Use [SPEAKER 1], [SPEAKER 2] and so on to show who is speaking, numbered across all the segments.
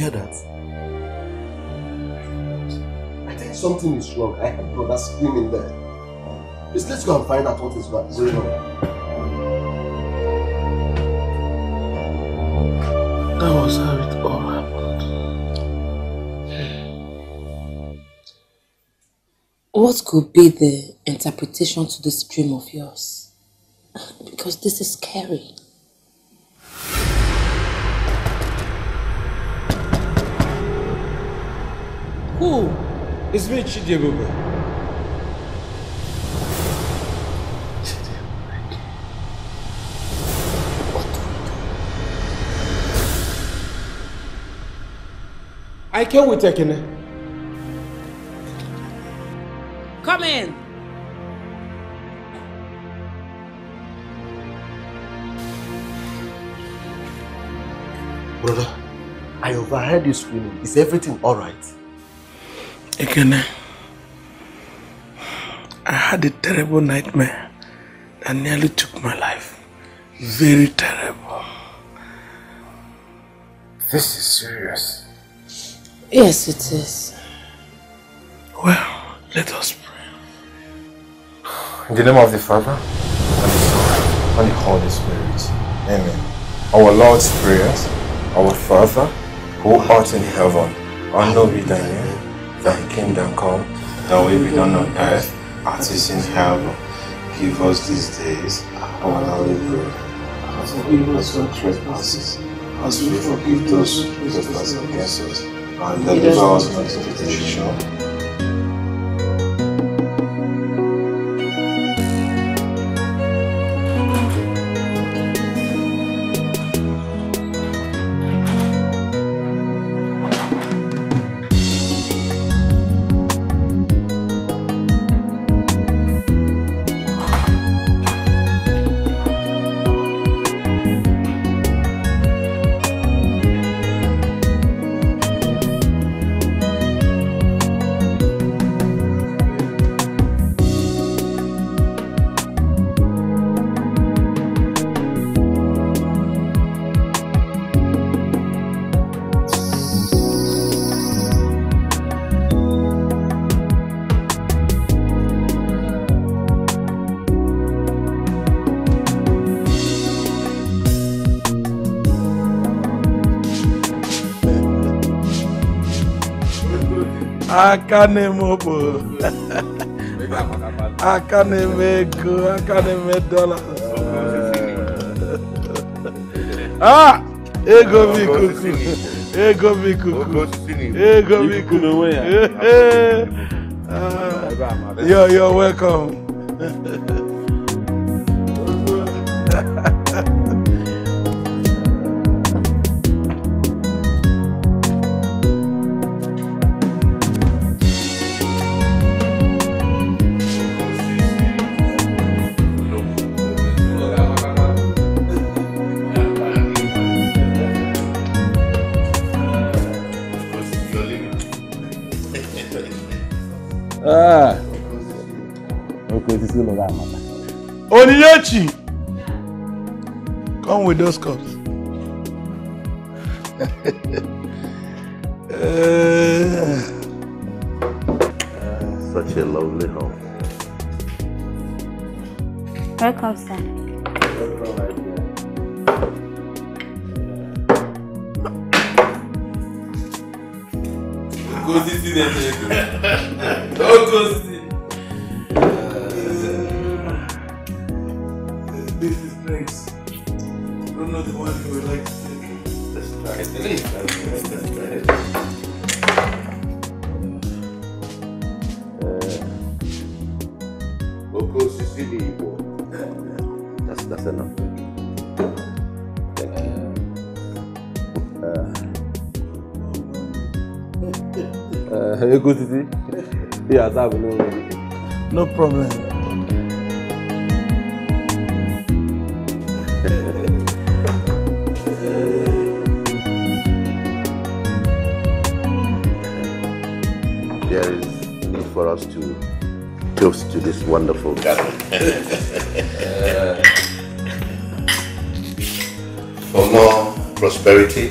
[SPEAKER 1] hear that? I think something is wrong. I heard brother screaming there. Please, let's go and find out what is going on. That was how it all happened.
[SPEAKER 2] What could be the interpretation to this dream of yours?
[SPEAKER 3] Because this is scary.
[SPEAKER 1] Who? Hizmetçi diye baba. I came with Ekene. Come in. Brother, I overheard you screaming. Is everything all right? Ekene, I had a terrible nightmare that nearly took my life. Very terrible. This is serious. Yes, it is. Well, let us pray. In the name of the Father, and the Son, and the Holy Spirit. Amen. Our Lord's prayers, our Father, who art in heaven, hallowed be thy name thy kingdom come, thy will be done on earth as it is in heaven. Give us these days our daily bread, As forgive us our trespasses, as we forgive those who trespass against
[SPEAKER 2] us, and deliver us from temptation
[SPEAKER 1] aka na-eme okporo aka na-eme ego aka na-eme dọla a ego bụ ikuku ego bụ ikuku
[SPEAKER 4] ego bụ ikuku
[SPEAKER 3] ah.
[SPEAKER 4] yo yo welcome
[SPEAKER 1] come with those cups.
[SPEAKER 4] uh, such a lovely home.
[SPEAKER 2] Welcome, sir.
[SPEAKER 4] Tarjeteleri mi? Local Sicily war. That's that's enough. Thank
[SPEAKER 1] you. Uh, uh, good to see. Yeah, that will No problem.
[SPEAKER 4] toast to this wonderful gathering. for more prosperity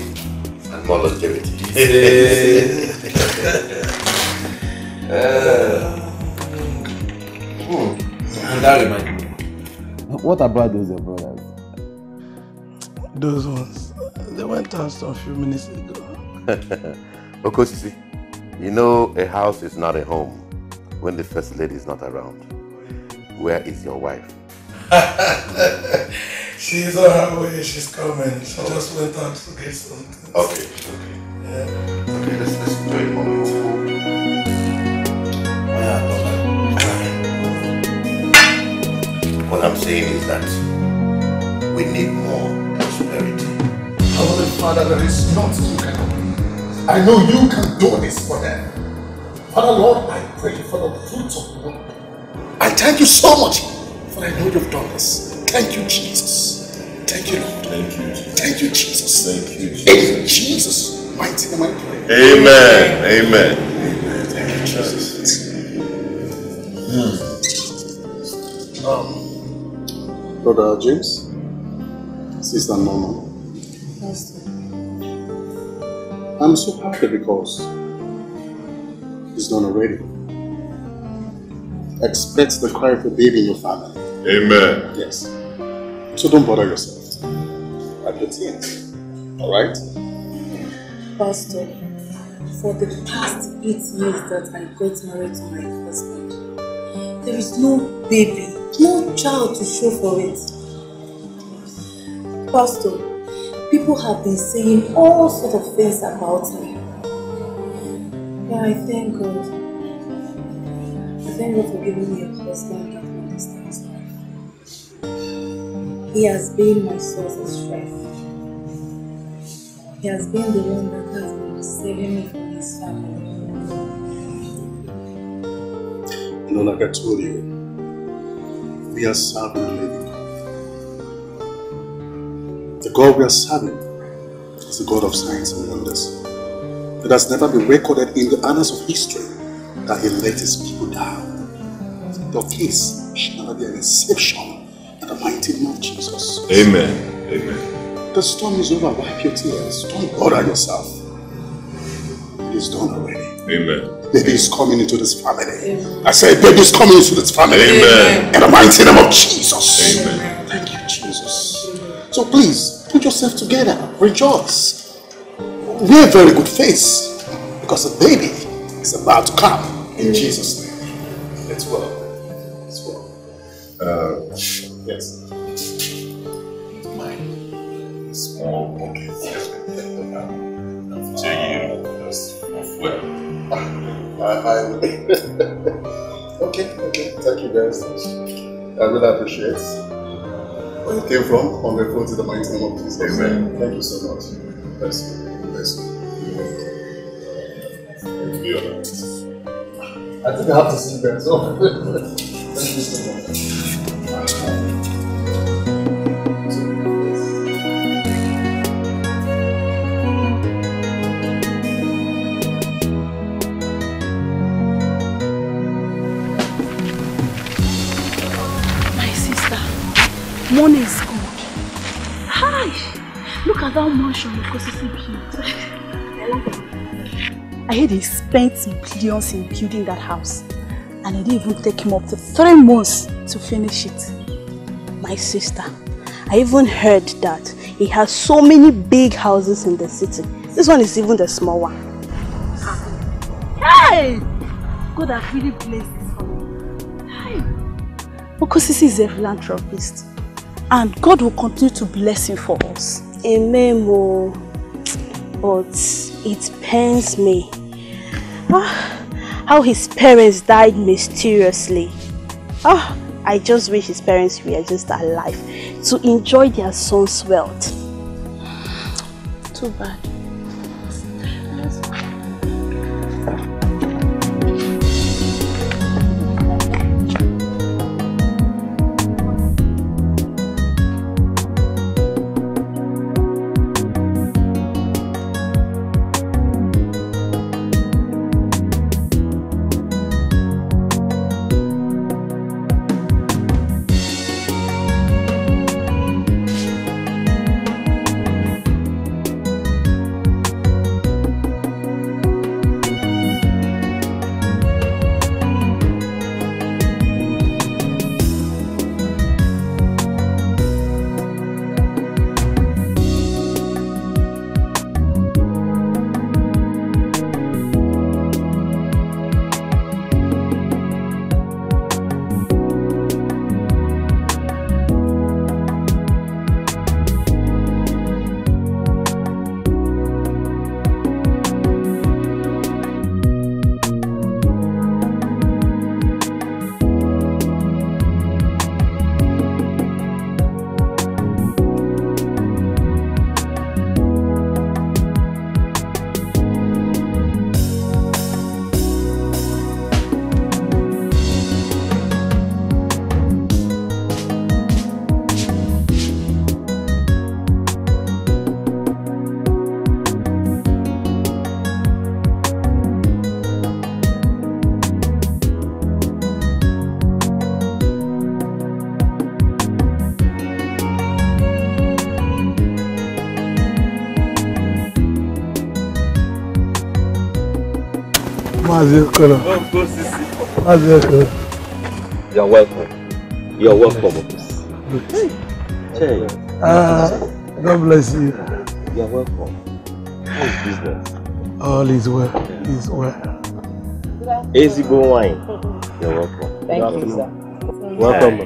[SPEAKER 4] and more longevity.
[SPEAKER 3] uh,
[SPEAKER 1] that reminds me. What about those brothers? Those ones. They went out a few minutes ago.
[SPEAKER 4] Because you know a house is not a home when the first lady is not around? Where is your wife? she's on
[SPEAKER 1] her way. She's coming. She okay. Oh. just went out to get something.
[SPEAKER 4] Okay. Okay. Yeah. Okay. Let's let's enjoy the moment. Oh, what I'm saying is that we need more prosperity.
[SPEAKER 1] little Father,
[SPEAKER 4] there is nothing you can do.
[SPEAKER 1] I know you can do this for them. Father Lord, I praying for the fruits of the womb. I thank you so much, for I know you've done this. Thank you, Jesus. Thank you, Lord. Thank you, Jesus. Thank you, Jesus. Thank you, Jesus. In Jesus' mighty name I pray. Amen. Amen.
[SPEAKER 3] Amen. Thank you, Jesus.
[SPEAKER 1] Mm. Um, Brother James, Sister Mama, I'm so happy because it's done already expect the cry of a baby in your family. Amen. Yes. So don't bother yourself. I the teens. Alright?
[SPEAKER 2] Pastor, for the past eight years that I got married to my husband, there is no baby, no child to show for it. Pastor, people have been saying all sorts of things about me. But I thank God thank God for giving me
[SPEAKER 3] a husband that understands life.
[SPEAKER 2] He has been my source of strength. He has been the one that has been saving me
[SPEAKER 3] from his family.
[SPEAKER 1] You know, like I told you, we are serving a living The God we are serving is the God of signs and wonders. It has never been recorded in the annals of history that he led his people your case shall never be an exception in the mighty name of Jesus. Amen. Amen. The storm is over. Wipe your tears. Don't bother yourself. It is done already. Amen. Baby is coming into this family. Amen. I say, baby is coming into
[SPEAKER 4] this family. Amen. In the mighty name of Jesus. Amen. Thank you,
[SPEAKER 1] Jesus. So please, put yourself together. Rejoice. Wear very good face because the baby is about to come in Jesus' name. Let's go.
[SPEAKER 3] Uh, yes. My small pocket to you was well. okay, okay.
[SPEAKER 1] Thank you guys. I really appreciate where you came from on the phone to the mighty name of Jesus. Amen. Thank you so much. Bless you. Bless you. I think I have to see you guys. My Money
[SPEAKER 2] is good. Hi! Look at that mansion because it's built. I heard he spent millions in building that house and it didn't even take him up to three months to finish it. My sister, I even heard that he has so many big houses in the city. This one is even the small one. Hey! God has really blessed this for me. Because Okosisi is a philanthropist and God will continue to bless him for us. Amen, Mo. Oh. But it pains me. Ah. How his parents died mysteriously. Ah, oh, I just wish his parents were just alive to enjoy their son's wealth. Too bad.
[SPEAKER 3] Mazi Okoro.
[SPEAKER 1] Oh, go Sisi.
[SPEAKER 3] Mazi Okoro.
[SPEAKER 1] You're welcome. You're welcome. Good. Hey. Ah, uh, God bless you. You're welcome. How is business? All is well. Yeah. Is well. Easy Ezigbo wine. You're welcome. Thank you, sir. Welcome,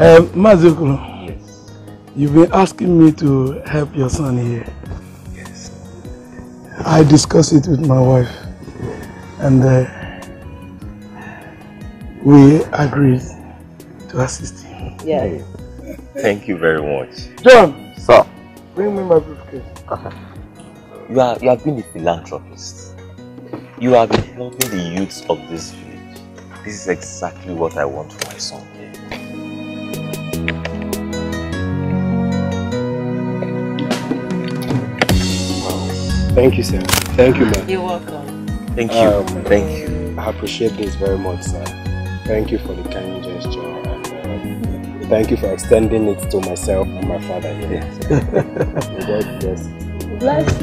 [SPEAKER 1] Um, Uh, Yes. You've been asking me to help your son here. Yes. I discussed it with my wife. and uh, we agreed to assist him. Yes. Thank you very much. John! Sir. Bring me my briefcase. You, are, you have been a philanthropist. You have been helping the youths of this village. This is exactly what I want for my son. Thank you, sir. Thank you, ma'am.
[SPEAKER 3] You're welcome. Thank you. Um,
[SPEAKER 1] Thank you. I appreciate this very much, sir. Thank you for the kind gesture. And, uh, Thank you for extending it to myself and my father Yes. bless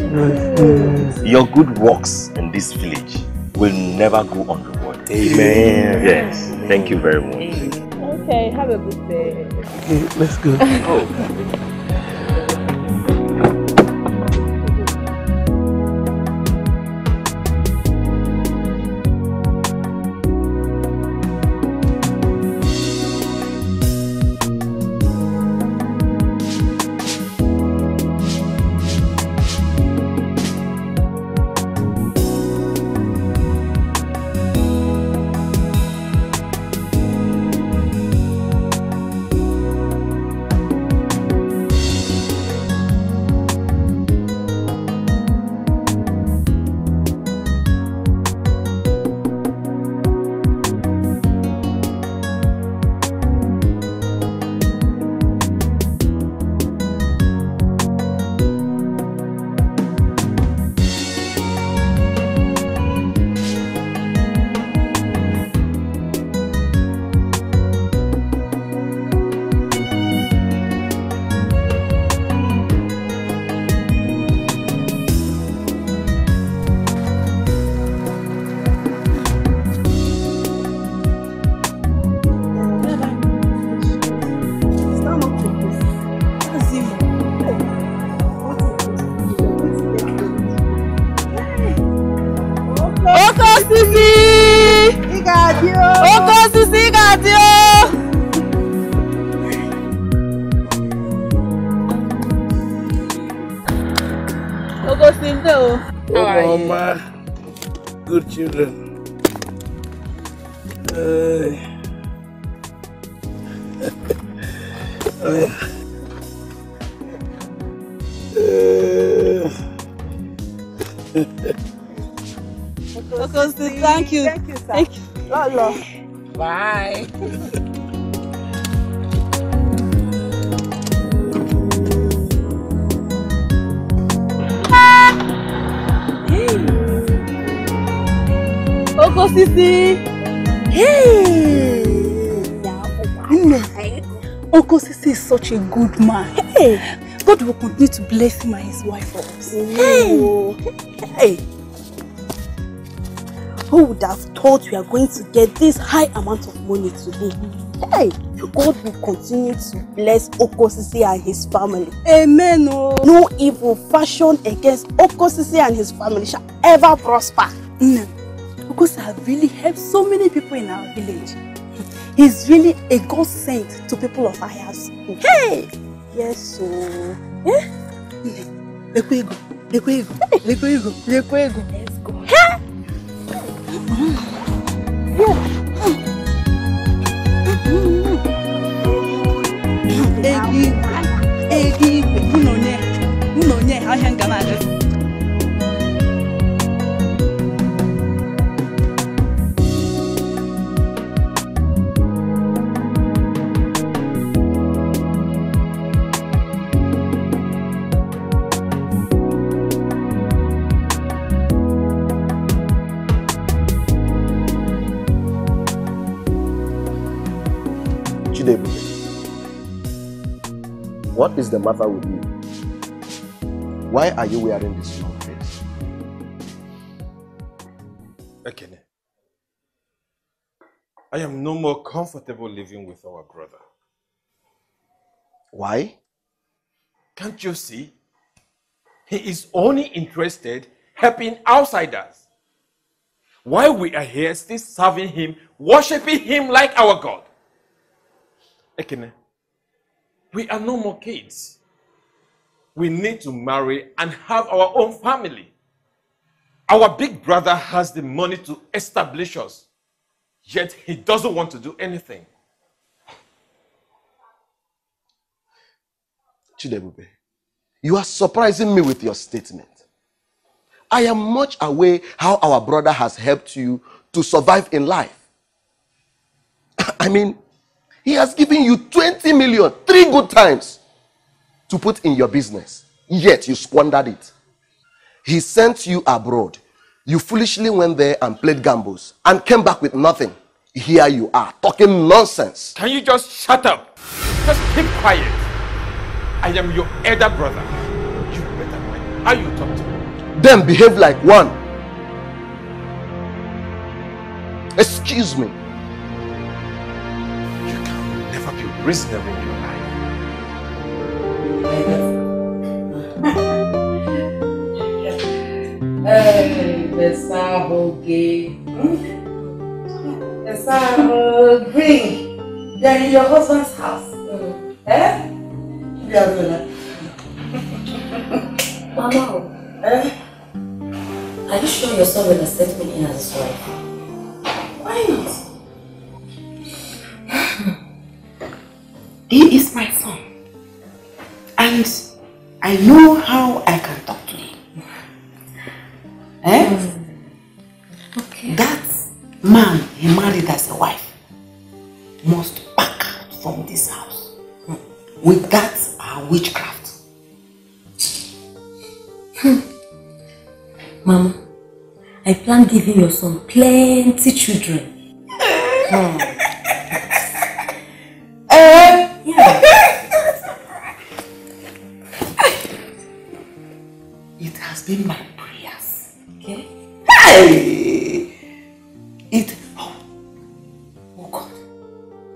[SPEAKER 1] you. Your good works in this village will never go unrewarded. Amen. Yes.
[SPEAKER 4] Thank you very much.
[SPEAKER 2] Okay, have a good day.
[SPEAKER 4] Okay, let's go. oh. children
[SPEAKER 2] good man. Hey, God will continue to bless him and his wife for us. Hey. Who would have thought we are going to get this high amount of money today? Hey, God will continue to bless Okosisi and his family. Amen. Oh. No evil fashion against Okosisi and his family shall ever prosper. Mm. Okosisi have really helped so many people in our village. He's really a God sent to people of ours. Hey! Yes, so. Eh? Lekwe ego. Lekwe ego. Lekwe ego. Lekwe ego. Let's
[SPEAKER 3] go. Hey! hey, hey, Egi.
[SPEAKER 2] Egi. Nnonye. Nnonye. Ahịa nga na-adọsi.
[SPEAKER 1] What is the matter with you? Why are you wearing this long face? Ekene, I am no more comfortable living with our brother. Why? Can't you see? He is only interested helping outsiders. Why we are here still serving him, worshipping him like our God? Ekene, we are no more kids. We need to marry and have our own family. Our big brother has the money to establish us, yet he doesn't want to do anything. Chidebube, you are surprising me with your statement. I am much aware how our brother has helped you to survive in life. I mean, he has given you 20 million, three good times to put in your business, yet you squandered it. He sent you abroad. You foolishly went there and played gambles and came back with nothing. Here you are talking nonsense. Can you just shut up? Just keep quiet. I am your elder brother. You better mind how you talk to me. Then behave like one. Excuse me. reasonable in your life.
[SPEAKER 3] Esa ahụ gị. Esa ahu
[SPEAKER 2] gị. They're in your husband's house. Mm. Eh?
[SPEAKER 3] Yeah, brother.
[SPEAKER 2] Mama, oh. eh? are you
[SPEAKER 3] sure your son will accept me in as his wife?
[SPEAKER 2] Why not? He is my son. And I know how I can talk to him. Eh? Mm. Okay. That man he married as a wife must back out from this house. With that, our uh, witchcraft. Hmm. Mama, I plan giving your son plenty children. Eh? Hmm. been my prayers. Okay? Hey! It. Oh, oh God.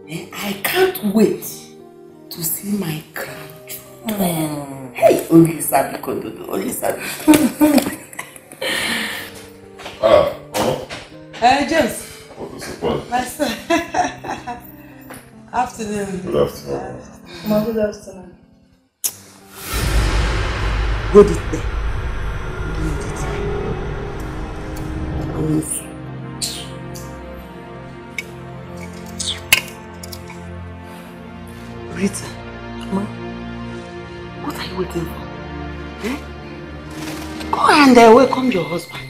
[SPEAKER 2] Eh, I can't wait to see my grandchildren. Mm. Hey, only Sabi Kododo, only Sabi.
[SPEAKER 3] Ah, oh. Uh, James. What is it, Master.
[SPEAKER 2] afternoon. Good afternoon. Uh, good afternoon. Good afternoon. Good afternoon. move. Rita, ma, what are you waiting for? Eh? Go and uh, welcome your husband.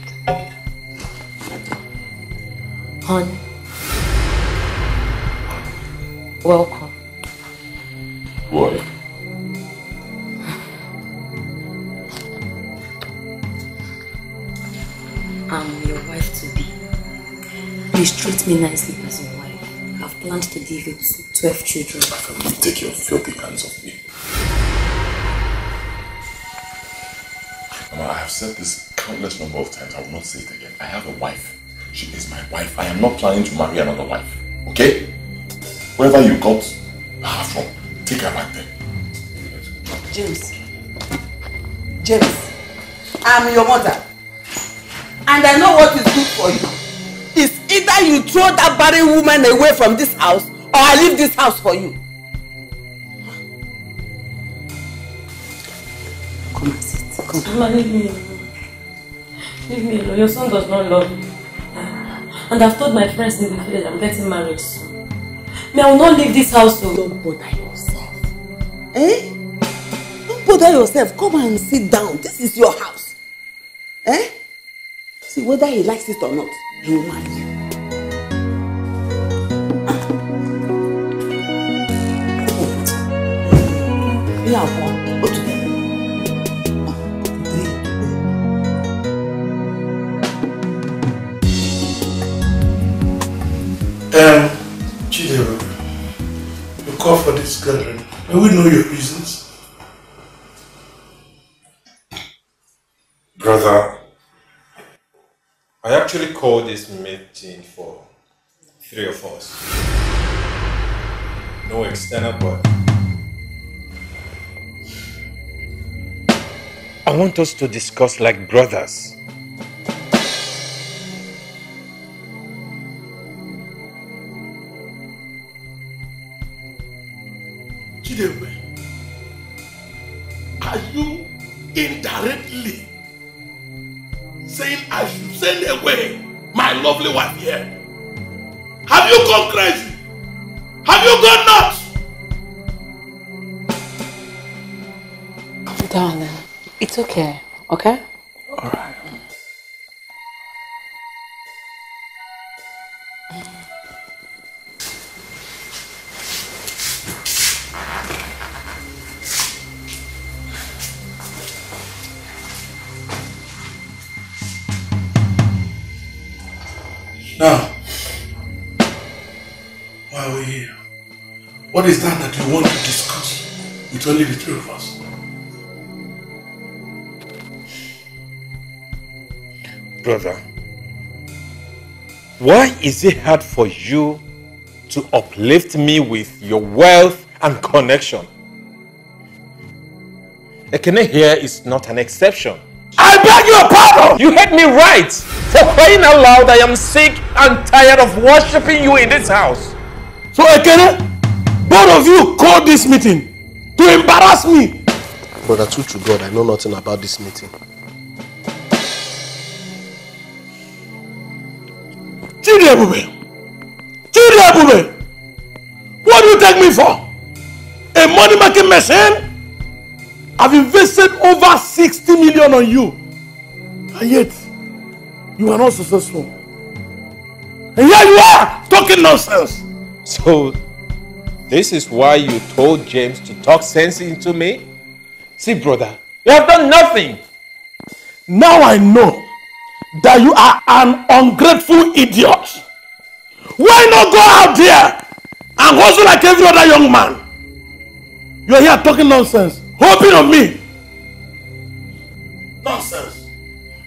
[SPEAKER 2] Honey, welcome. Treat me nicely as your wife. I've
[SPEAKER 4] planned to give you 12 children. Can
[SPEAKER 1] you take your filthy hands off me? Mama, I have said this countless number of times. I will not say it again. I have a wife. She is my wife. I am not planning to marry another wife. Okay? Wherever you got her from, take her back there.
[SPEAKER 2] James. James. I'm your mother. And I know what is good for you. either you throw that barren woman away from this house or I leave this house for you. Come and sit. Come. Mama, leave me alone. Leave me alone. Your son does not love me. And I've told my friends in the village I'm getting married soon. Me, I will not leave this house alone. Don't bother yourself. Eh? Don't bother yourself. Come and sit down. This is your house. Eh? See, whether he likes it or not, he will marry you.
[SPEAKER 1] Um, you call for this gathering. I we know your reasons? Brother, I actually called this meeting for three of us. No external body. I want us to discuss like brothers. indirectly saying, I should send away my lovely wife here. Have you gone crazy? Have you gone nuts?
[SPEAKER 2] Darling, it's okay, okay?
[SPEAKER 1] What is that that you want to discuss with only the three of us? Brother, why is it hard for you to uplift me with your wealth and connection? Ekene here is not an exception. I beg your pardon! You heard me right! For crying out loud, I am sick and tired of worshipping you in this house. So Ekene, Both of you called this meeting to embarrass me. Brother, true to God, I know nothing about this meeting. Chidiebube! Chidiebube! What do you take me for? A money-making machine? I've invested over sixty million on you. And yet, you are not successful. And here you are, talking nonsense. So, This is why you told James to talk sense into me? See, brother, you have done nothing. Now I know that you are an ungrateful idiot. Why not go out there and hustle like every other young man? You're here talking nonsense, hoping on me. Nonsense.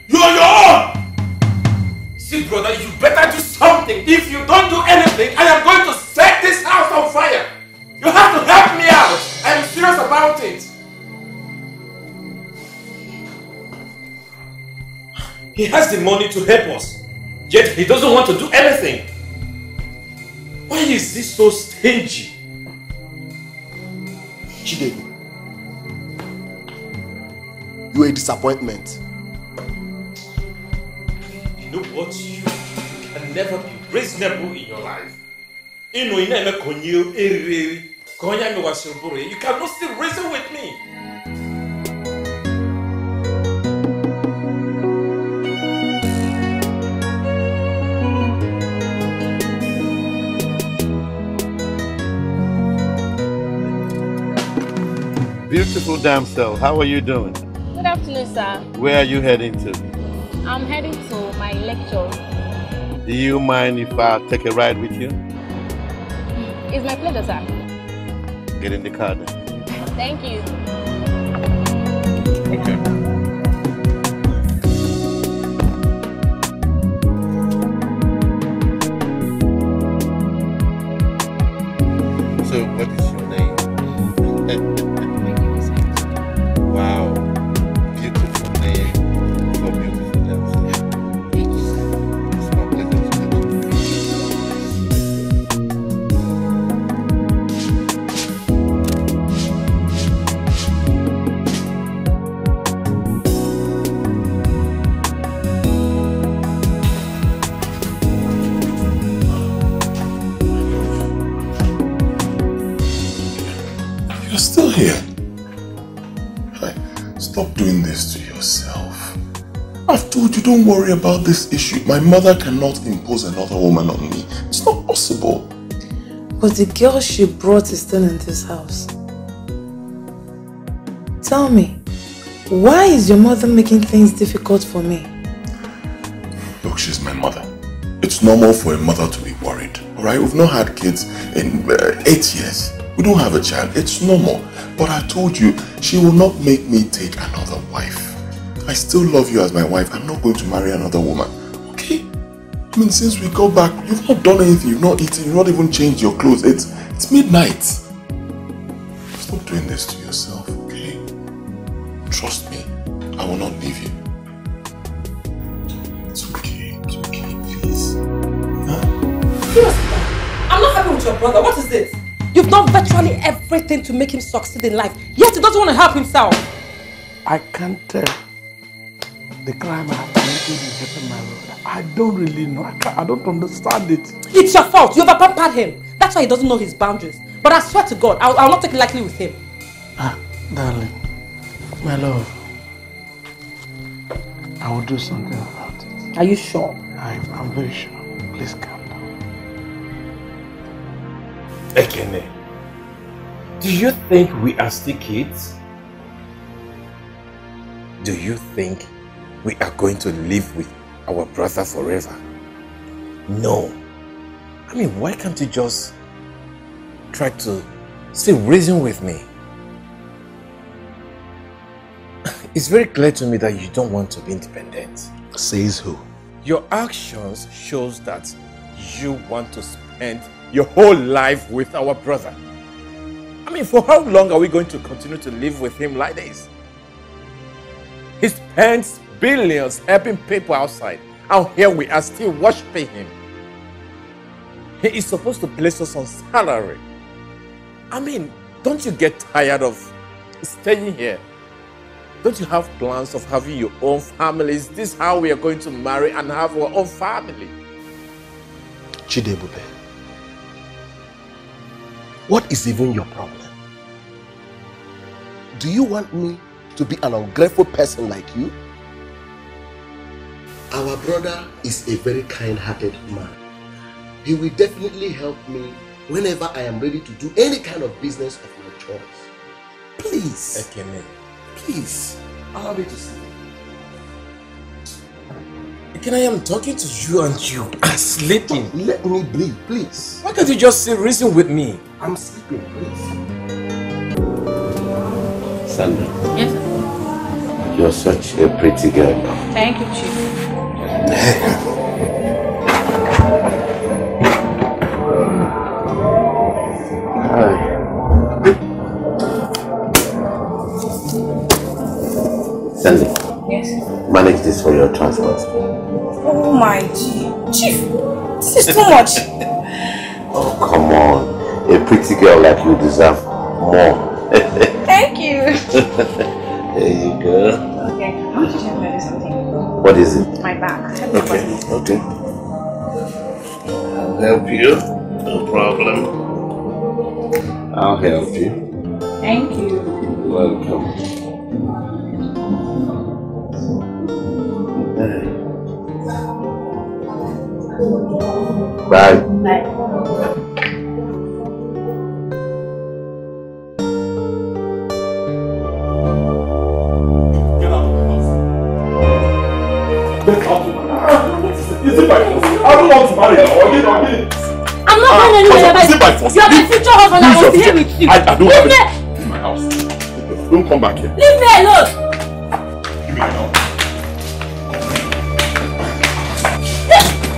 [SPEAKER 1] You're your own. See, brother, you better do something. If you don't do anything, I am going to set this house on fire. You have to help me out. I'm serious about it. He has the money to help us, yet he doesn't want to do anything. Why is this so stingy? Chidegu, you are a disappointment. You know what? You can never be reasonable in your life. You know, you never can you. You cannot still reason with me.
[SPEAKER 4] Beautiful damsel, how are you doing?
[SPEAKER 2] Good afternoon, sir.
[SPEAKER 4] Where are you heading to?
[SPEAKER 2] I'm heading to my lecture.
[SPEAKER 4] Do you mind if I take a ride with you?
[SPEAKER 2] It's my pleasure, sir
[SPEAKER 4] get in the car then.
[SPEAKER 2] Thank you. Okay.
[SPEAKER 1] don't worry about this issue. My mother cannot impose another woman on me. It's not possible.
[SPEAKER 2] But the girl she brought is still in this house. Tell me, why is your mother making things difficult for me?
[SPEAKER 1] Look, she's my mother. It's normal for a mother to be worried, alright? We've not had kids in uh, eight years. We don't have a child. It's normal. But I told you, she will not make me take another wife. I still love you as my wife. I'm not going to marry another woman. Okay? I mean, since we got back, you've not done anything. You've not eaten. You've not even changed your clothes. It's, it's midnight. Stop doing this to yourself, okay? Trust me. I will not leave you. It's okay. It's okay, please.
[SPEAKER 2] Huh? Yes, I'm not happy with your brother. What is this? You've done virtually everything to make him succeed in life, yet he doesn't want to help himself.
[SPEAKER 1] I can't tell the crime happened happened, my
[SPEAKER 2] lord. I don't really know. I, I don't understand it. It's your fault. You've pampered him. That's why he doesn't know his boundaries. But I swear to God, I'll, I'll not take it lightly with him.
[SPEAKER 1] Ah, darling, my love, I will do something about it. Are you sure? I'm, I'm very sure. Please calm down. Ekene, do you think we are still kids? Do you think we are going to live with our brother forever. No. I mean, why can't you just try to still reason with me? It's very clear to me that you don't want to be independent. Says who? Your actions shows that you want to spend your whole life with our brother. I mean, for how long are we going to continue to live with him like this? He spends billions helping people outside. And here we are still worshiping him. He is supposed to place us on salary. I mean, don't you get tired of staying here? Don't you have plans of having your own family? Is this how we are going to marry and have our own family? Chidebube, what is even your problem? Do you want me to be an ungrateful person like you? Our brother is a very kind-hearted man. He will definitely help me whenever I am ready to do any kind of business of my choice. Please. man. Please, allow me to see. Can I am talking to you and you are sleeping. Let me breathe, please. Why can't you just reason
[SPEAKER 2] with me? I'm sleeping, please. Sandra. Yes,
[SPEAKER 4] sir. You're such a pretty girl now.
[SPEAKER 2] Thank you, Chief.
[SPEAKER 4] Sandy. Yes. Manage this for your transport.
[SPEAKER 2] Oh my G. Chief, this is too much.
[SPEAKER 4] oh, come on. A pretty girl like you deserve more.
[SPEAKER 2] Thank you.
[SPEAKER 4] there you go.
[SPEAKER 2] Okay, I want to tell you something. What is it? My bag.
[SPEAKER 4] Okay, okay. I'll help you. No problem. I'll help you. Thank you. Welcome. Bye.
[SPEAKER 3] Bye.
[SPEAKER 1] by force. You're my future husband. I was here with you. I, I don't Leave have me. It in my house. Don't come back here.
[SPEAKER 2] Leave me alone. Give me my house.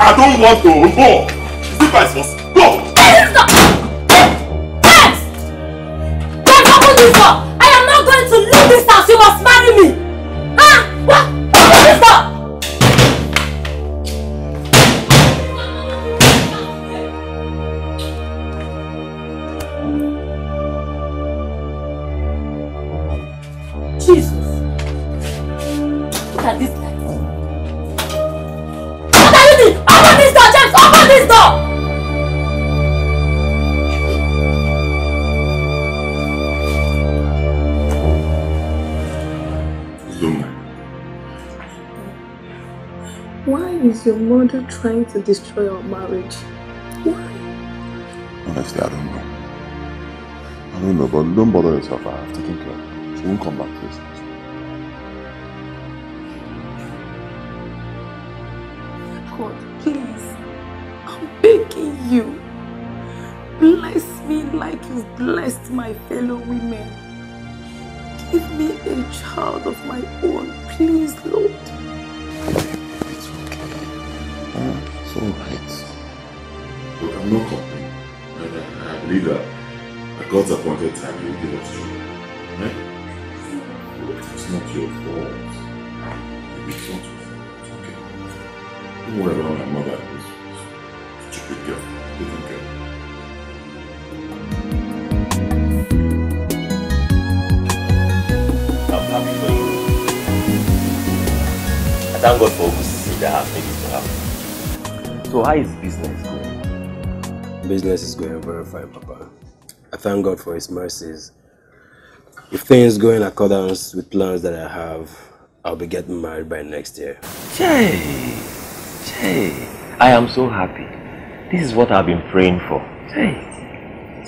[SPEAKER 1] I don't want to go. Is it by force?
[SPEAKER 3] Go. This is not. Yes.
[SPEAKER 2] Then what would you for? I am not going to leave this house. You must marry me. Ah, huh? what? What is that? your mother trying to destroy our marriage? Why?
[SPEAKER 1] Honestly, I don't know. I don't know, but don't bother yourself. I have taken care of her. She won't come back to this house.
[SPEAKER 2] God, please. I'm begging you. Bless me like you've blessed my fellow women. Give me a child of my own, please, Lord.
[SPEAKER 1] of the time you'll be lost. Right?
[SPEAKER 3] It's not your fault. It's not your fault. okay.
[SPEAKER 4] Don't worry about my mother. It's stupid girl. girl. happy for you. I thank God for all good that have made it to happen. So how is business going? Business is going very fine,
[SPEAKER 1] Papa thank God for His mercies. If things go in accordance with plans that I have, I'll be getting married by next year.
[SPEAKER 3] Jay!
[SPEAKER 1] Jay! I am so happy. This is what I've been praying for. Jay!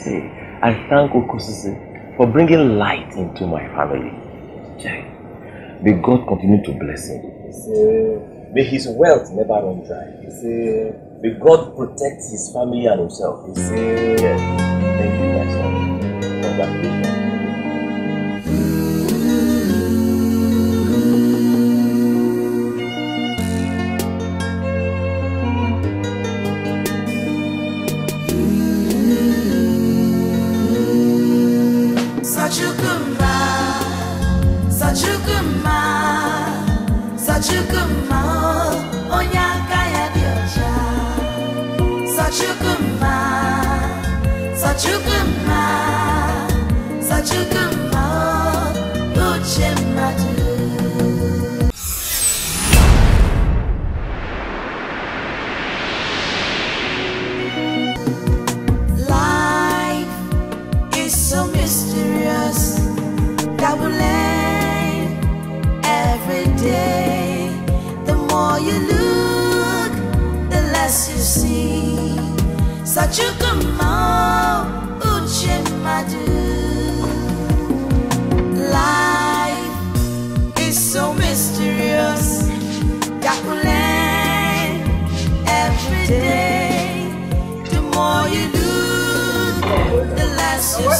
[SPEAKER 1] Jay! I thank Okosisi for bringing light into my family. Jay! May God continue to bless him. May his wealth never run dry. Uh, May God protect his family and himself. yeah. Yes. time.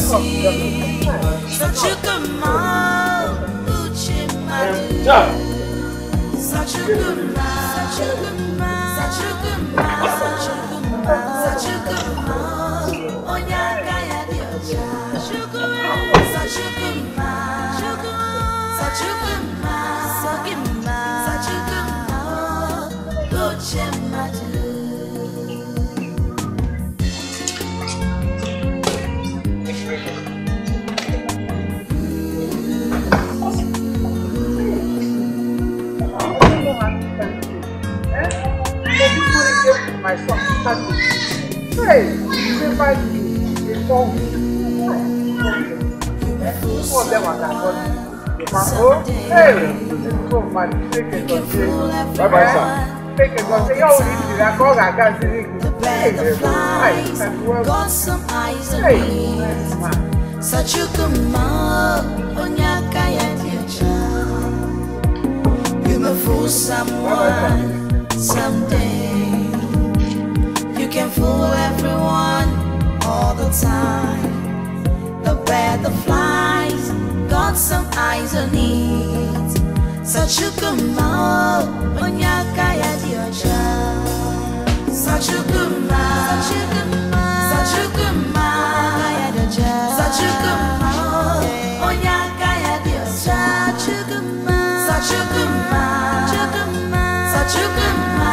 [SPEAKER 3] Such a good mom, Such a good mom, such a good mom, such a good mom, such a good mom, such a good mom, my fucking family. Hey, sacrifice before all of them are that body. Oh, hey, so much. Take it, Bye bye, sir. Take it, go. Say, yo, this is a call I can't see. Hey, got some eyes on hey, me. Such a good mom, on your kayak, your child. You may fool someone someday. can fool everyone all the time. The flies got some eyes on it. Such a good mouth when you at your job. Such a such a good mouth, such a good such a good Such a good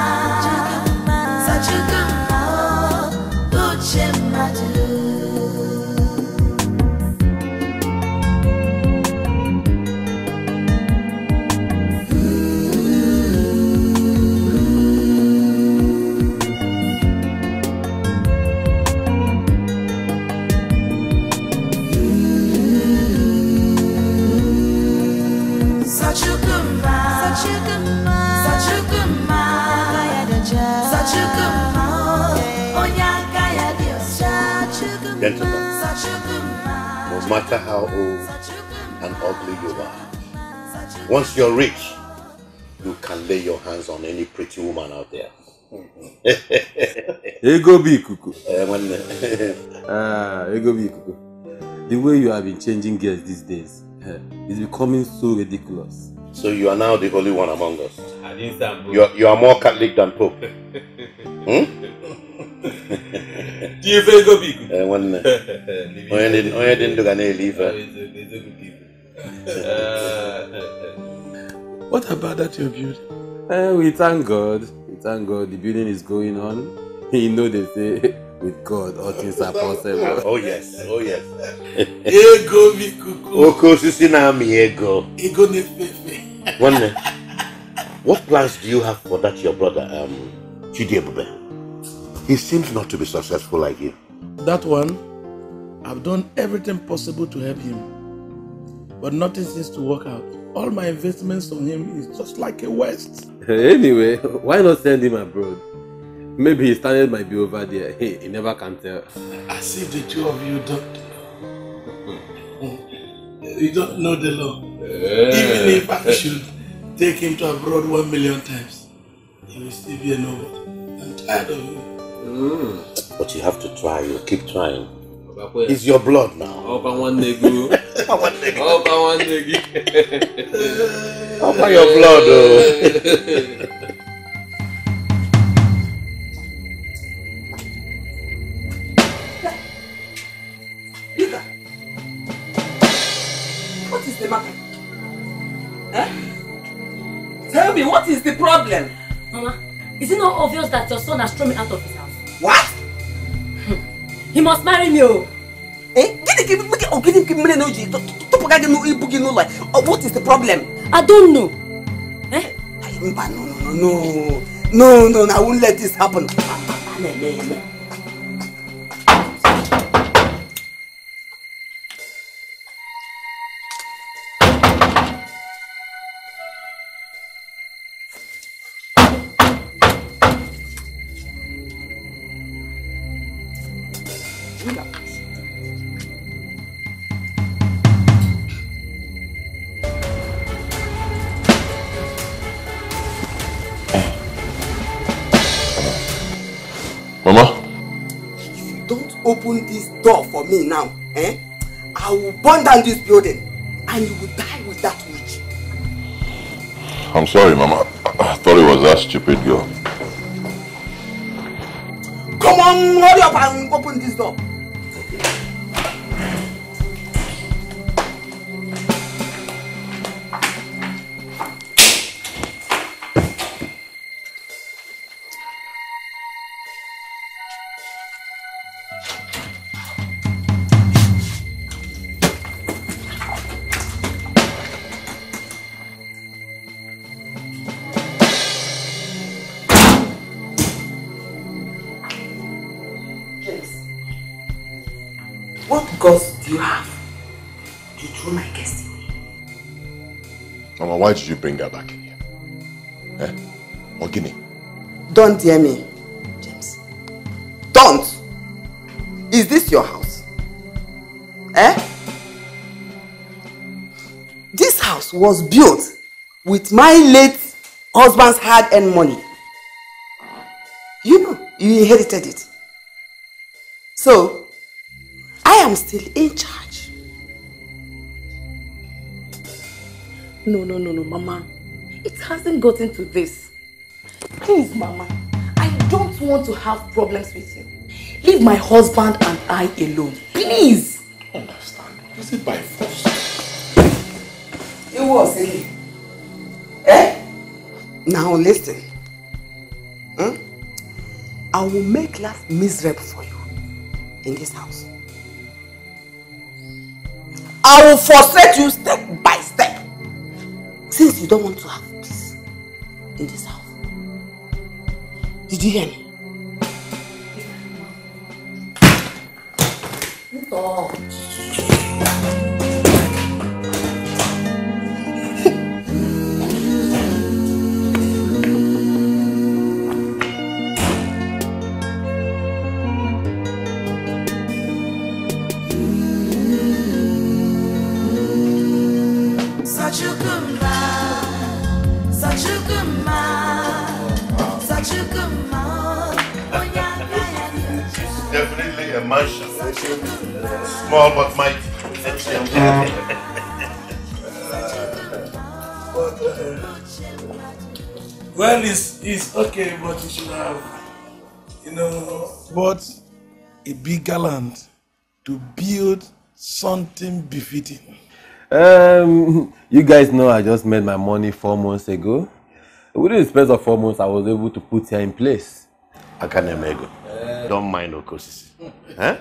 [SPEAKER 4] no matter how old and ugly you are. Once you're rich, you can lay your hands on any pretty woman out there. Ego be kuku. Eh, ah, ego be kuku. The way you have been changing girls these days eh, is becoming so ridiculous. So you are now the holy one among us. You are, you are more Catholic than Pope. hmm? Tife ego bụ ikuku. Ee nwanne. Onye dị ndụ ga na-eli ife. What about that your building? Uh, eh, we thank God. We thank God. The building is going on. You know they say with God all things are possible. Oh yes, oh yes. ego bụ ikuku. Oke osisi na-amị ego. Ego na-efefe. Eh. what plans do you have for that your brother um, Chidi Chidiebube? He seems not to be successful like you.
[SPEAKER 1] That one, I've done everything possible to help him, but nothing seems to work out. All my investments on him is just like a waste.
[SPEAKER 4] anyway, why not send him abroad? Maybe his standard might be over there. Hey, he never can tell. I see the two
[SPEAKER 1] of you don't you don't know the law.
[SPEAKER 3] Yeah. Even if I should
[SPEAKER 1] take him to abroad one million times, he will still be a
[SPEAKER 3] nobody. I'm tired of him.
[SPEAKER 4] But you have to try, you keep trying.
[SPEAKER 3] It's your blood
[SPEAKER 4] now. Open one negu.
[SPEAKER 3] one
[SPEAKER 4] negu. Open one negu. Open your blood, oh.
[SPEAKER 2] What is the matter? Eh? Tell me, what is the problem? Mama, is it not obvious that your son has thrown me out of his house? What? He must marry me o. give Gịnị give gịnị give gịnị give mmiri give o give tụpụga give n'ibu give n'ụlọ What is the problem? I don't know. Eh? Mba no no no no no no no I won't let this happen. Papa na-eme eme. door for me now eh i will burn down this building and you will die with that witch.
[SPEAKER 1] i'm sorry mama i thought it was that stupid girl.
[SPEAKER 2] come on hurry up and open this door.
[SPEAKER 1] why did you bring her back here? Eh? Ogini?
[SPEAKER 2] Don't hear me, James. Don't! Is this your house? Eh? This house was built with my late husband's hard-earned money. You know, you inherited it. So, I am still in charge. No, no, no, no, Mama. It hasn't gotten to this. Please, Mama. I don't want to have problems with you. Leave my husband and I alone. Please. understand. Is it by force? It was, eh? Eh? Now listen. Hmm? I will make life miserable for you in this house. I will frustrate you step you don't want to have peace in this house. Did you hear me?
[SPEAKER 4] Small but mighty. well, it's, it's okay, but you should
[SPEAKER 1] have, you know, bought a bigger land to
[SPEAKER 4] build something befitting. Um, you guys know I just made my money four months ago. Within the space of four months, I was able to put here in place. can't Uh, Don't mind Okosisi eh?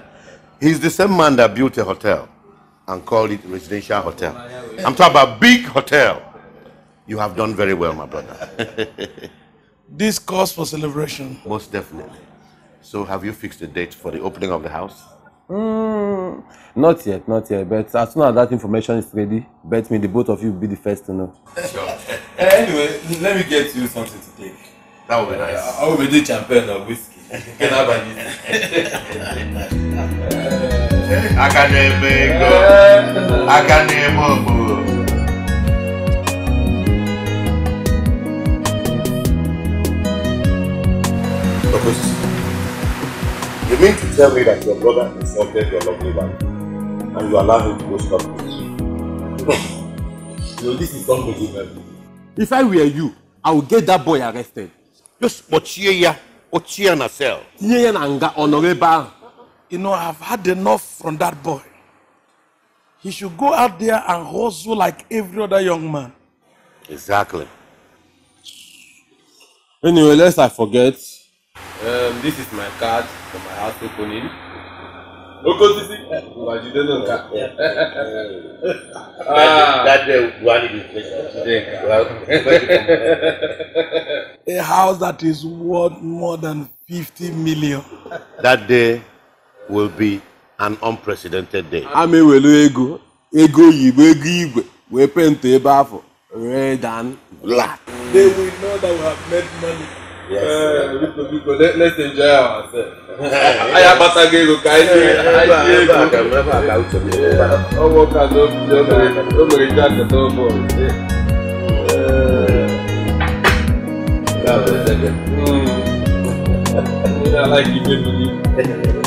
[SPEAKER 4] He's the same man that built a hotel and called it residential hotel. I'm talking about big hotel. You have done very well, my brother. this calls for celebration. Most definitely. So have you fixed a date for the opening of the house? Mm, not yet, not yet. But as soon as that information is ready, bet me the both of you will be the first to know. Sure. Eh, anyway, let me get you something to take. That would be nice. I will be doing champagne or whiskey. Ke na ba ni. Aka na-eme ego, You mean to tell me that your brother insulted your lovely wife and you allow him to go stop this? no, this is unbelievable. If I were you, I would get that boy arrested. Just watch here. Ochia Nasel. Nyenanga Honorable. You know, I've had enough from
[SPEAKER 1] that boy. He should go out there and hustle like every other young man.
[SPEAKER 4] Exactly. Anyway, lest I forget. Um, this is my card for my house opening oko títí ìwàjúdé náà ká. dáadé wà níbi ìfẹsẹ̀.
[SPEAKER 1] A house that is worth more than fifty million.
[SPEAKER 4] That day will be an unprecedented day. Ama
[SPEAKER 1] ewelu ego ego oyibo ego igwe wee pent ebe afọ red black. They will know that we
[SPEAKER 3] have made money let's enjoy ourselves. aya pàtàkì ego ka anyị ayé ego.
[SPEAKER 4] ọwọ ka o mere ji akata ọbọ.
[SPEAKER 3] Yeah, I like you, baby.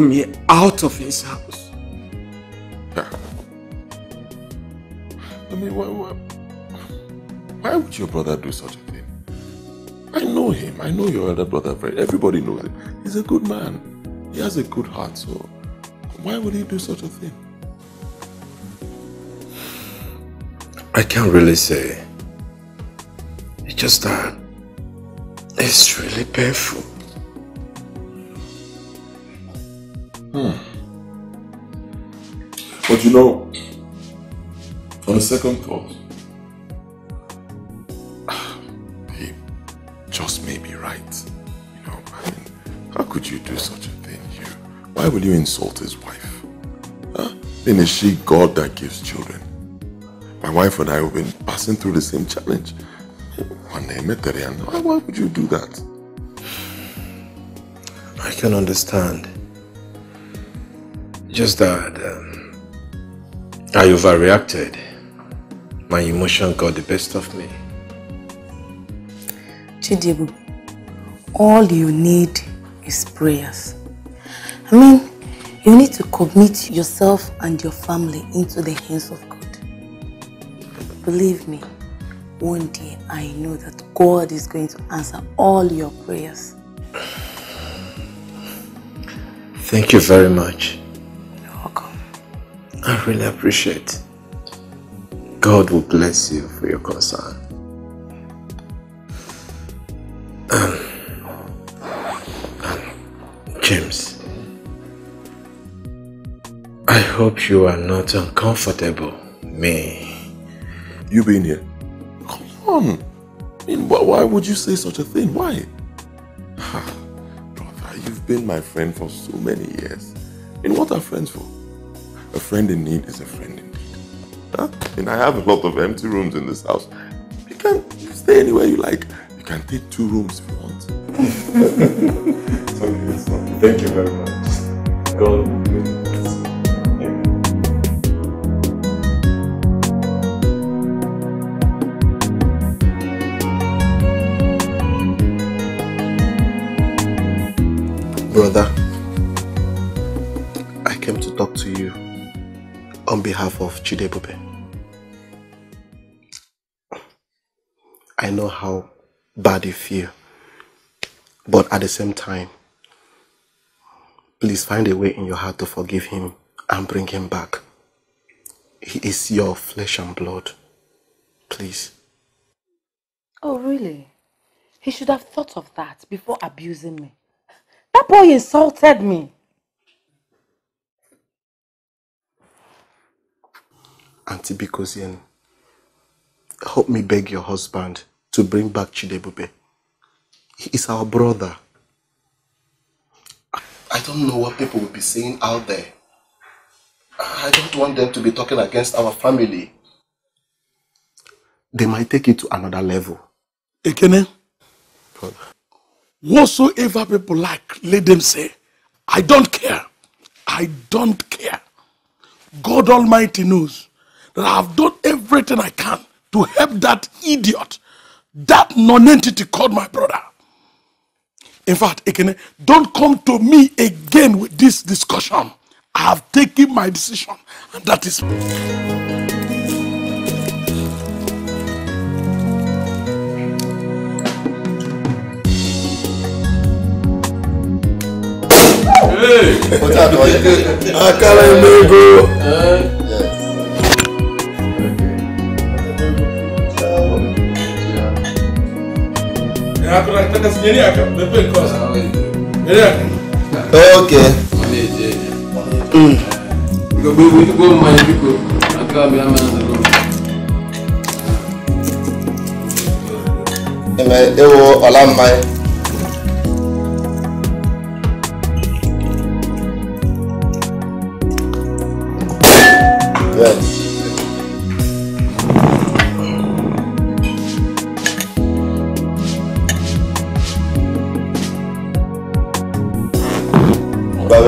[SPEAKER 1] me out of his house. I mean, why, why, why would your brother do such a thing? I know him. I know your elder brother, very. Everybody knows him. He's a good man. He has a good heart, so why would he do such a thing? I can't really say. It's just that it's really painful. Hmm. But you know, on a second thought, he just may be right. You know, I mean, how could you do such a thing? You, why would you insult his wife? Huh? Then is she God that gives children? My wife and I have been passing through the same challenge. Why would you do that? I can understand. Just that um, I overreacted. My emotion got the best of me.
[SPEAKER 2] Chidibu, all you need is prayers. I mean, you need to commit yourself and your family into the hands of God. Believe me, one day I know that God is going to answer all your prayers.
[SPEAKER 1] Thank you very much. I really appreciate. God will bless you for your concern. Um, um, James, I hope you are not uncomfortable. Me. You being here? Come on. I mean, why would you say such a thing? Why? Ha, brother, you've been my friend for so many years. In what are friends for? A friend in need is a friend in need. Huh? And I have a lot of empty rooms in this house. You can stay anywhere you like. You can take two rooms if you want.
[SPEAKER 3] Thank you very much. God.
[SPEAKER 1] brother. of Chidebube. I know how bad you feel, but at the same time, please find a way in your heart to forgive him and bring him back. He is your flesh and blood. Please.
[SPEAKER 3] Oh,
[SPEAKER 2] really? He should have thought of that before abusing me. That boy insulted me.
[SPEAKER 1] Auntie Bikosien, help me beg your husband to bring back Chidebube. He is our brother. I don't know what people will be saying out there. I don't want them to be talking against our family. They might take it to another level. Ekene, whatsoever people like, let them say, I don't care. I don't care. God Almighty knows. I've done everything I can to help that idiot, that nonentity called my brother. In fact, Ekene, don't come to me again with this discussion. I have taken my decision, and that is... Hey! What's up, boy? I can't let go.
[SPEAKER 4] Nak aku sendiri, Lebih nataka sijalia mepekosa elewa okay Hmm. dulu. Aku ambil mm. eme ewo ọla mmanya yeah.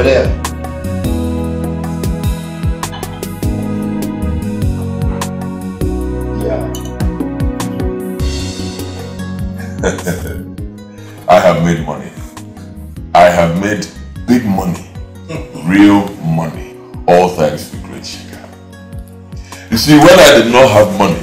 [SPEAKER 4] over there. Yeah.
[SPEAKER 1] I have made money. I have made big money. Real money. All thanks to Great Shika. You see, when I did not have money,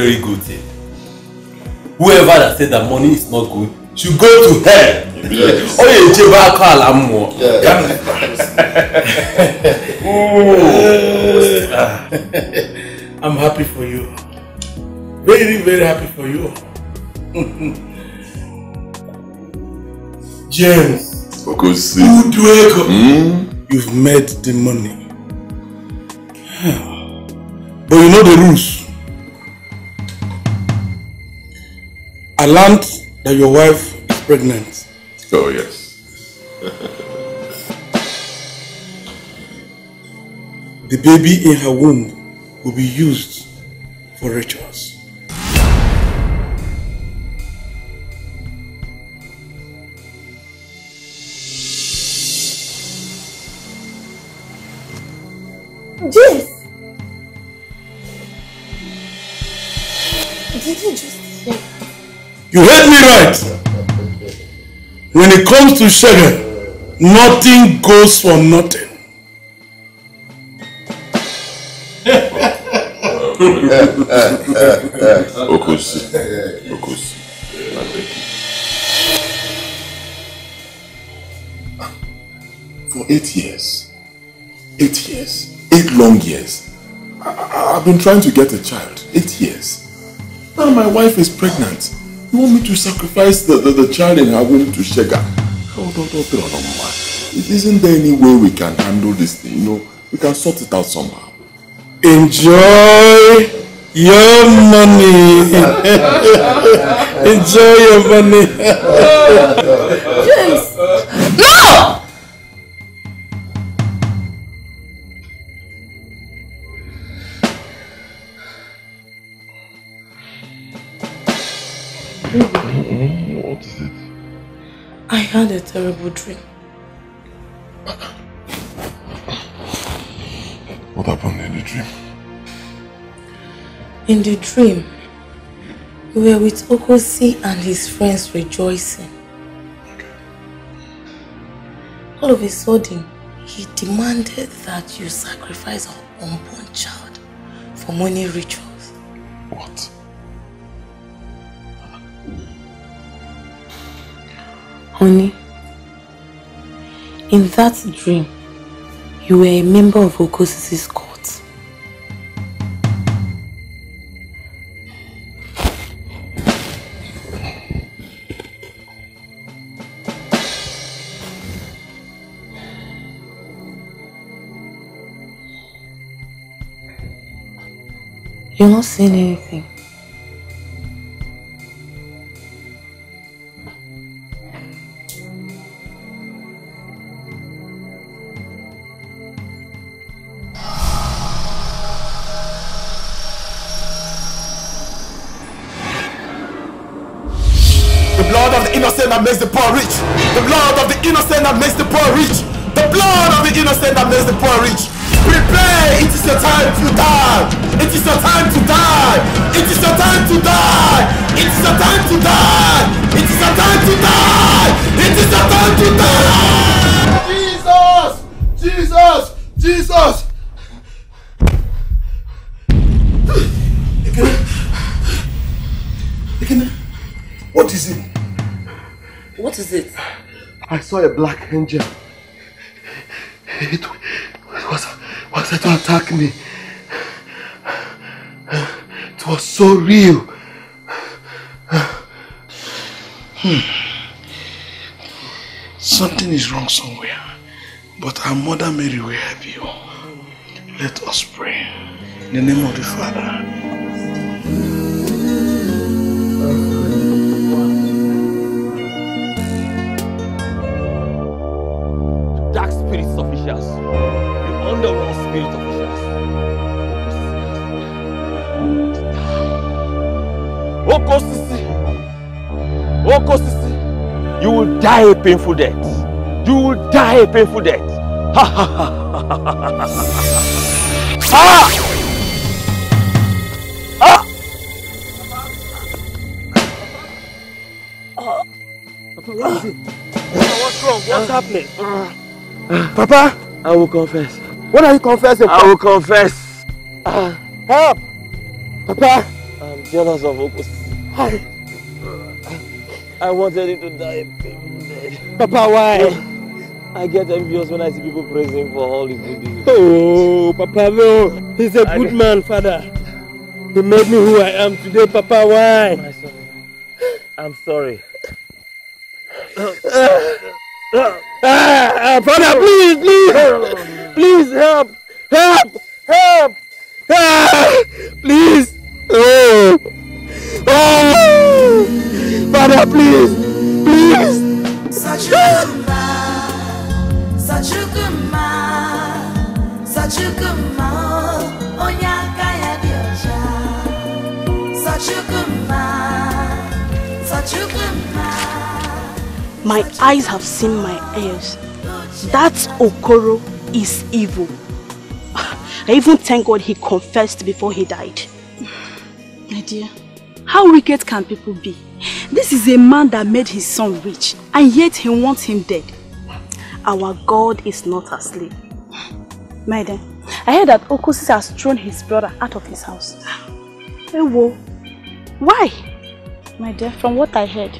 [SPEAKER 4] very good thing whoever that said that money is not good should go to hell oye jeba akọ ala mmụọ i'm happy for you
[SPEAKER 1] very very happy for you james uduego mm? you've made the money but you know the rules. I learned that your wife is pregnant. Oh, yes. the baby in her womb will be used for rituals.
[SPEAKER 2] Yes!
[SPEAKER 3] Did you just
[SPEAKER 1] you heard me right. When it comes to Shegen, nothing goes for nothing. For eight years, eight years, eight long years, I, I, I've been trying to get a child. Eight years. Now my wife is pregnant. You want me to sacrifice the, the, the child in her womb to Shega? Isn't there any way we can handle this thing? You know, we can sort it out somehow. Enjoy your money. Enjoy
[SPEAKER 3] your money.
[SPEAKER 2] terrible dream.
[SPEAKER 1] What happened in the dream?
[SPEAKER 2] In the dream, we were with Okosi and his friends rejoicing. All of a sudden, he demanded that you sacrifice our unborn child for money rituals. What? Honey, in that dream, you were a member of Okosisi's court. You're not saying anything.
[SPEAKER 1] never Prepare! It is your time to die! It is your time to die! It is your time to die! It is your time to die! It is your time to die! It is your time to die! Jesus! Jesus! Jesus! Ekene! Ekene! What is it? What is it? I saw a black angel. It, was, was it to attack me. It was so real. Hmm. Something is wrong somewhere. But our mother Mary will help you. Let us pray. In the name of the Father. dark spirits officials. From the one spirit of Christ. Okosisi. Okosisi. You will die a painful death. You will die a painful death. Ha ha ha ha ha ha. Ah! Papa, what's wrong? What's happening? Papa, I will confess. What are you confessing? I will confess. Uh, help! Papa! I'm jealous of Opus. I, I wanted him to die
[SPEAKER 4] Papa, why?
[SPEAKER 1] I get envious when I see people praising for all his good
[SPEAKER 4] Oh,
[SPEAKER 1] Papa, no. He's a I good man, Father. He made me who I am today, Papa. Why? My son, I'm sorry. ah,
[SPEAKER 3] ah, Father, please, please! Please help! Help! Help! help. Ah, please! Oh. oh! Father, please! Please! Such a good man! Such a good man! Such a good man!
[SPEAKER 2] My eyes have seen my ears. That's Okoro is evil. I even thank God he confessed before he died. My dear. How wicked can people be? This is a man that made his son rich and yet he wants him dead. Our God is not asleep. Maiden, I heard that Okosis has thrown his brother out of his house. Ewo, why? My dear, from what I heard,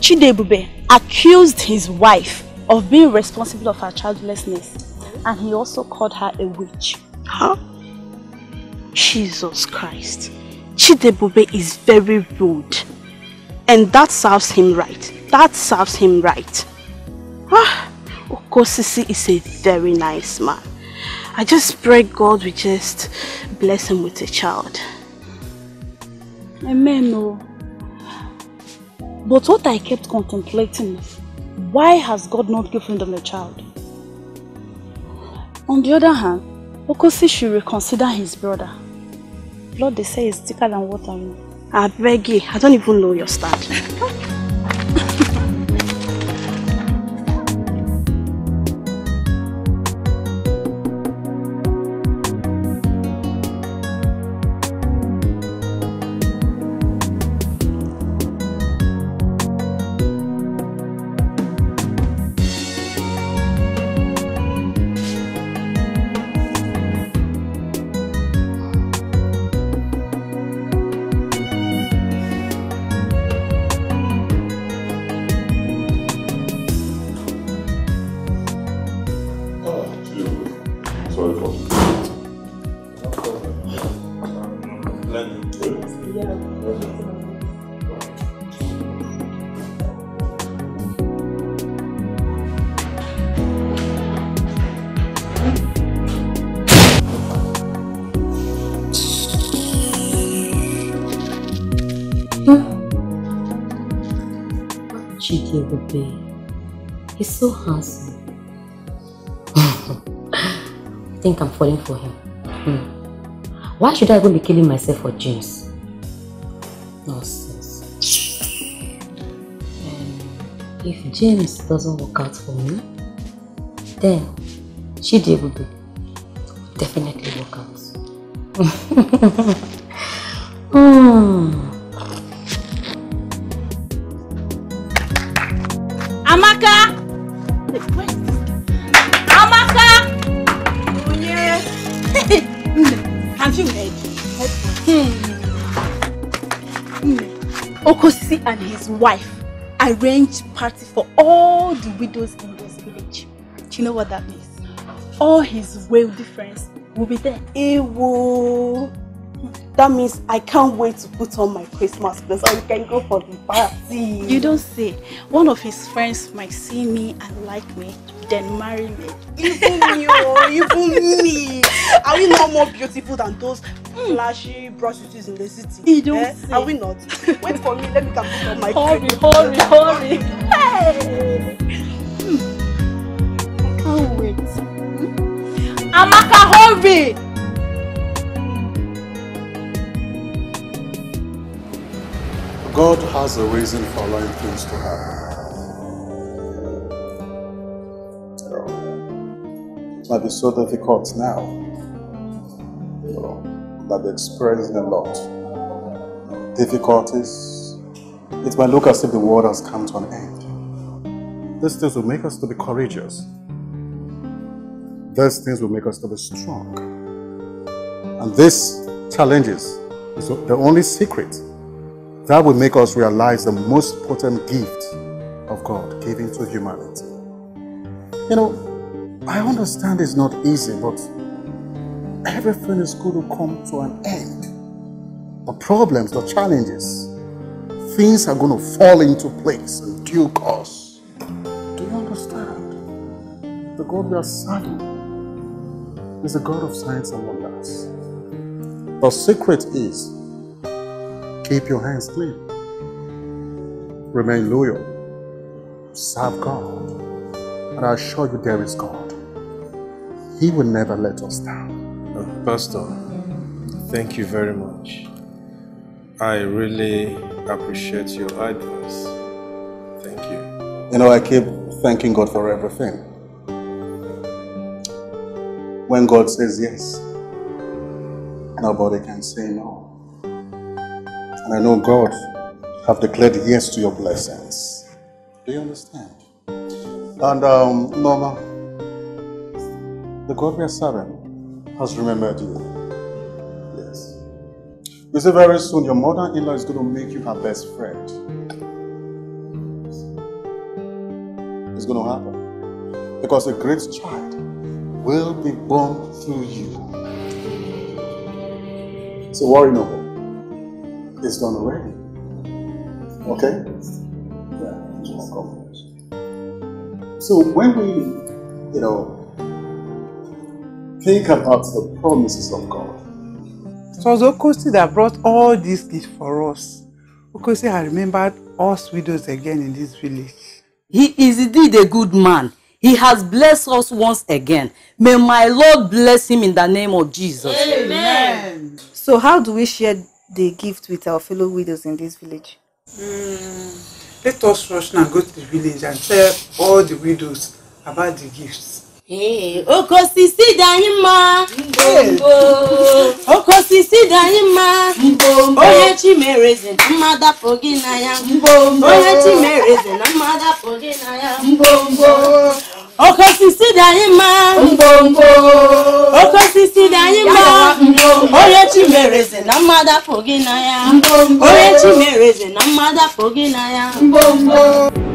[SPEAKER 2] Chidebube accused his wife of being responsible of her childlessness. And he also called her a witch. Huh? Jesus Christ. Chidebube is very rude. And that serves him right. That serves him right. Ah, Okosisi is a very nice man. I just pray God will just bless him with a child. Amen. Oh. But what I kept contemplating Why has God not given them a child? On the other hand, Okosi should reconsider his brother. Blood they say is thicker than water. I beg you, I don't even know your start. London. Yeah. He's so handsome. I think I'm falling for him. Hmm. Why should I even be killing myself for James? Nonsense. Um, if James doesn't work out for me, then
[SPEAKER 4] Chidi will
[SPEAKER 3] definitely work out.
[SPEAKER 2] wife arranged party for all the widows in this village. Do you know what that means? All his wealthy friends will be there. Ewo! That means I can't wait to put on my Christmas dress so we can go for the party. You don't say. One of his friends might see me and like me, then marry me.
[SPEAKER 3] Even you, oh, even
[SPEAKER 2] me. Are we not more beautiful than those mm. flashy prostitutes in the city. You don't eh? Are we not? Wait for me, let me come for my Hurry, hurry, hurry. Hey! I can't wait. Hmm? Amaka, hurry!
[SPEAKER 1] God has a reason for allowing things to happen. it might be so difficult now. So that they experiencing a lot. Difficulties. It might look as if the world has come to an end. These things will make us to be courageous. These things will make us to be strong. And these challenges is the only secret that will make us realize the most potent gift of God given to humanity. You know, I understand it's not easy, but everything is going to come to an end. The problems, the challenges, things are going to fall into place in due course. Do you understand? The God we are serving is a God of signs and wonders. The secret is keep your hands clean, remain loyal, serve God, and I assure you there is God. He will never let us down. Pastor, thank you very much. I really appreciate your advice. Thank you. You know, I keep thanking God for everything. When God says yes, nobody can say no. And I know God have declared yes to your blessings. Do you understand? And um, Norma, the God we are serving has remembered you. Yes. You see, very soon your mother in law is going to make you her best friend. It's going to happen. Because a great child will be born through you. So worry no more. It's done already. Okay? Yeah. So when we, you know, Think about the promises of God. It was Okosi that brought all these gifts for
[SPEAKER 2] us. Okosi had remembered us widows again in this village. He is indeed a good man. He has blessed us once again. May my Lord bless him in the name of Jesus. Amen. So how do we share the gift with our fellow widows in this village? Mm. Let us rush now go to the village and tell
[SPEAKER 1] all the widows about the gifts.
[SPEAKER 2] ee oke osisi dị anyị mma oke osisi dị anyị mma onye chimereze na mmadụ apụ gị n'anya
[SPEAKER 3] onye chimereze na mmadụ apụ gị n'anya oke osisi dị anyị mma oke
[SPEAKER 2] osisi dị anyị mma onye chimereze na mmadụ apụ gị n'anya onye chimereze na mmadụ apụ gị n'anya